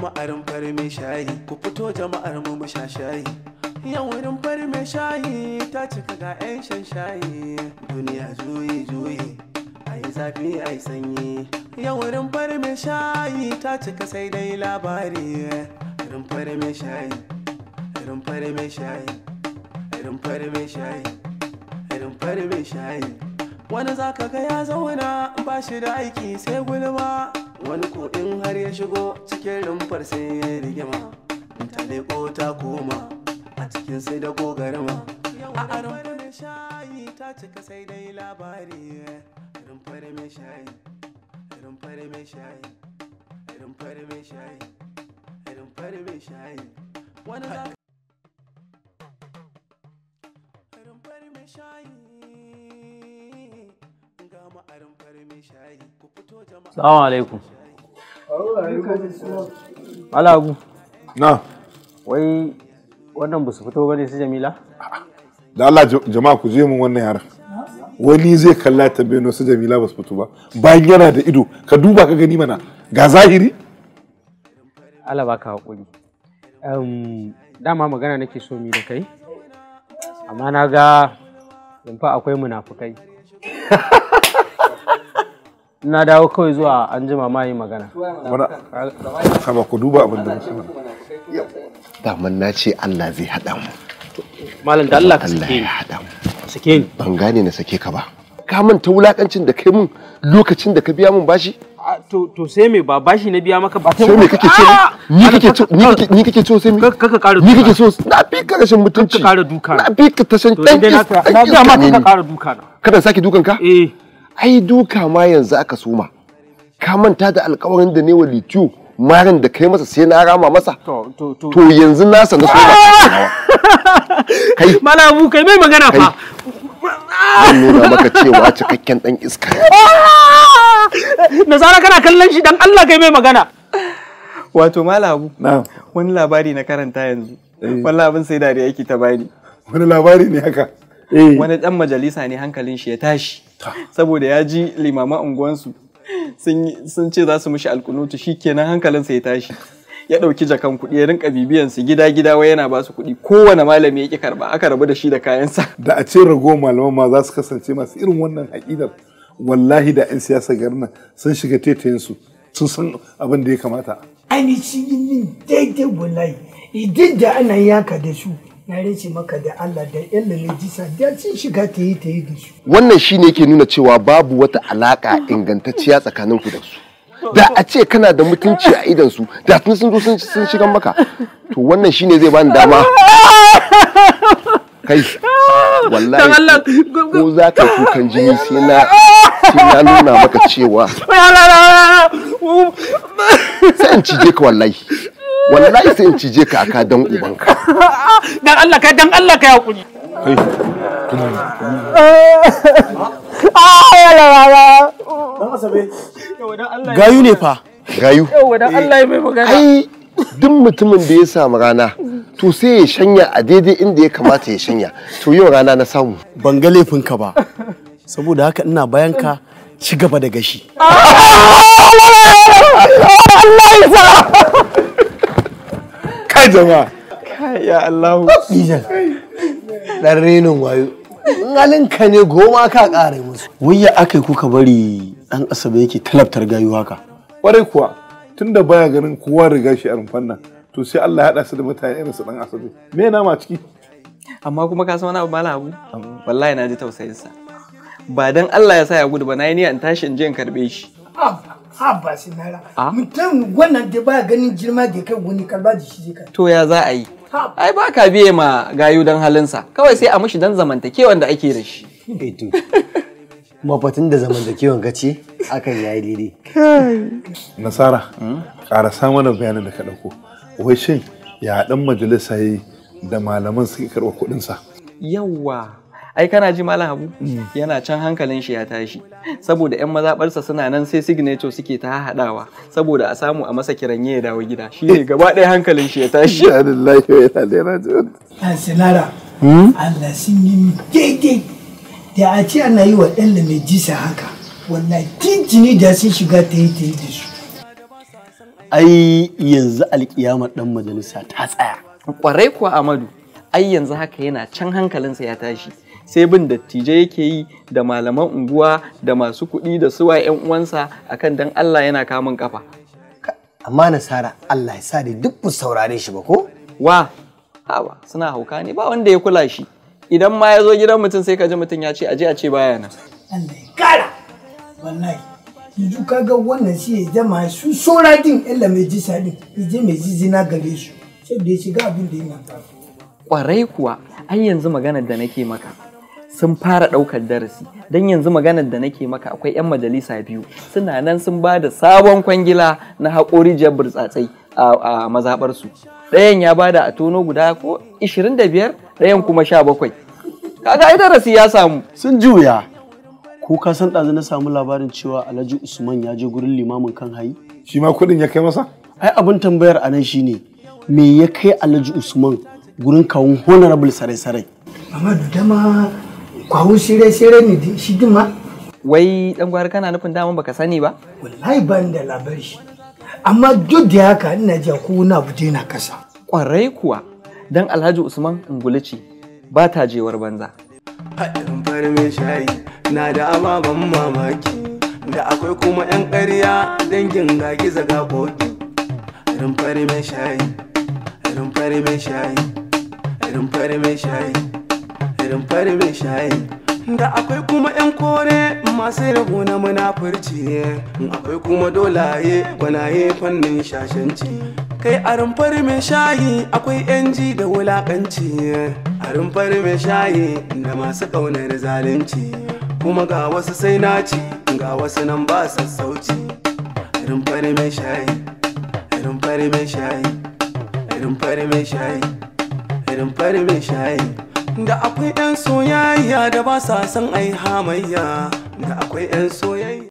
ma'arin shayi ku fito jama'ar mu mu sha shayi shayi ta cika ga 'yan shan shayi duniya juyi juyi zafi ai sanyi yau rumfar mai shayi ta cika sai dai labari rumfar mai shayi rumfar mai shayi rumfar mai shayi rumfar mai shayi wani zaka ga ya zauna ba shi da aiki sai gulma wani ko in har ya shigo cikin rumfar sai ya rigima ta leko ta koma a cikin sai da gogarma a rumfar mai shayi ta cika sai dai labari sawa shayi irin fari alaikum Na. Wai wannan ba su fito bane su Jamila? Da Allah jama'a ku je mun wannan yaran. wani zai kalla tambayin wasu jamila ba su fito ba bayan yana da ido ka duba ka gani mana ga zahiri Allah ba ka haƙuri. dama magana nake so mi da kai amma na ga yamfa akwai munafukai na dawo kawai zuwa an jima ma yi magana kama ku duba abin da daman na ce Allah zai haɗa mu malam da Allah ka sake sake ni ban gane na sake ka ba ka manta wulakancin da kai mun lokacin da ka biya mun bashi to to sai me ba bashi na biya maka ba sai me kake ce ah! ni kake ni kake ni kake so sai me kaka kara ni kake so na bi ka rashin mutunci kaka kara duka na bi ka tashin dan ki na ga ma kaka kara duka na kada saki dukan ka eh ai duka ma yanzu aka soma ka manta da alƙawarin da ne wa litiyo marin da kai masa sai na rama masa to yanzu na sanda so ba kai malamu kai mai magana fa nuna maka cewa cikakken dan iska ah! nasara kana kallon shi dan Allah kai mai magana wato malabu wani labari na karanta yanzu eh. wani abin sai dariya yake ta bani wani labari ne haka eh. wani dan majalisa ne hankalin shi ya tashi saboda ya ji limaman unguwansu sun ce za su mishi alkunutu shikenan hankalinsa ya tashi ya ɗauki jakan kuɗi ya rinka bibiyan su gida gida wai yana ba su kuɗi kowane malami ya ki karba aka rabu da shi da kayansa da a ce rago malaman ma za su kasance masu irin wannan haƙidar wallahi da 'yan siyasa garin nan sun shiga tetayensu sun san abin da ya kamata ainihin yin daidai wallahi idan da ana yaka da su na rece maka da Allah da yan lalajisa da sun shiga ta yi ta yi da su. Wannan shi ne ke nuna cewa babu wata alaƙa ingantacciya tsakanin ku da su. da a ce kana da mutunci a idan su da tun sun zo sun shiga maka to wannan shine zai bani dama kai wallahi ko za ka kukan jini sai na sai na nuna maka cewa sai in cije ka wallahi wallahi sai in cije ka aka dan ubanka dan Allah ka dan Allah ka hakuri kai Gayu ne fa. Gayu. Ai duk mutumin da ya samu rana to sai ya shanya a daidai inda ya kamata ya shanya. To yau rana na samu. Ban ga ka ba. Saboda haka ina bayan ka ci gaba da gashi. Allah ya sa. Kai jama'a. Kai ya Allah. Dan renon wayo. in ka ne goma ka kare musu wayya aka kuka bari ɗan asabe yake talabtar gayu haka kwarai kuwa tunda baya ganin kowa riga shi a rumfan nan to sai Allah ya haɗa su da mutane irin su dan asabe me nama ciki amma kuma ka san wani abu mala abu wallahi na ji tausayin sa ba dan Allah ya sa ya gudu ba na yi niyya tashi in je in karbe shi ha ba sinara ah? mutum wannan da baya ganin girma da kai wani karba da shi to ya za a yi ai ba ka biye ma gayu don halinsa kawai sai a mushi don zamantakewan da ake da shi mafatin da zamantakewan ka ce akan yayi daidai nasara hmm? ƙara samun da bayanin da ka ɗauko wai shin ya ɗan majalisa yi da malaman suke karɓa kuɗinsa yawwa ai kana ji malam habu mm. yana can hankalin shi ya tashi saboda yan mazabarsa suna nan sai signature suke ta haɗawa saboda a samu a masa kiran ya dawo gida shi ne gaba ɗaya hankalin shi ya tashi ya lillahi wa inna ilaihi raji'un kansilara hmm? Allah sun yi mi daidai da a ce ana yi wa ɗan mai jisa haka wallahi tintini da sun shiga ta yi ta yi da su ai yanzu alkiyamar ɗan majalisa ta tsaya kwarai kuwa amadu ai yanzu haka yana can hankalinsa ya tashi sai bin dattijai yake yi da malaman unguwa da masu kuɗi da suwa 'yan uwansa akan dan Allah yana kamun kafa. Amma nasara Allah ya sa da duk ku saurare shi ba ko? Wa, haba suna hauka ne ba wanda ya kula shi. Idan ma ya zo gidan mutum sai ka ji mutum ya ce aje a ce baya nan. Allah ya kara. Wallahi. Yanzu kaga wannan shi ya zama su sora din illa mai jisa din, ije mai zina gare su. Sai da ya shiga abin da yana Kwarai kuwa, ai yanzu maganar da nake maka. sun fara ɗaukar darasi don yanzu maganar da nake maka akwai 'yan majalisa biyu suna nan sun ba da sabon kwangila na haƙori jiyar burtsatsai a mazaɓarsu ɗayan ya ba da a tono guda ko 25 ɗayan kuma 17 kaga ai darasi ya samu sun juya ko ka san ɗazu na samu labarin cewa alhaji usman ya je gurin limamin kan hayi shi ma kuɗin ya kai masa ai abin tambayar a nan shine me ya kai alhaji usman gurin kawun honorable sarai-sarai Amadu dama kwawo shirye-shirye ne da shi duma. Wai ɗan gwari kana nufin daman baka sani ba? Wallahi ban da labari. Amma duk da haka ina ji ko na abu na kasa. Kwarai kuwa dan Alhaji Usman Ungulici ba ta jewar banza. Haɗin farme shayi na da ban mamaki da akwai kuma 'yan ƙarya dangin gagi ga boki. Rumfar mai shayi, rumfar mai shayi, rumfar mai shayi. irin fari mai shayi da akwai kuma yan kore masu rabu na munafurci akwai kuma dolaye gwanaye fannin shashanci kai a rumfar mai shayi akwai yan ji da wulakanci a rumfar mai shayi da masu ƙaunar zalunci kuma ga wasu sai naci ga wasu nan ba su sauci. rumfar mai shayi rumfar mai shayi rumfar mai shayi rumfar mai shayi da akwai 'yan soyayya da ba sa son ai hamayya da akwai 'yan soyayya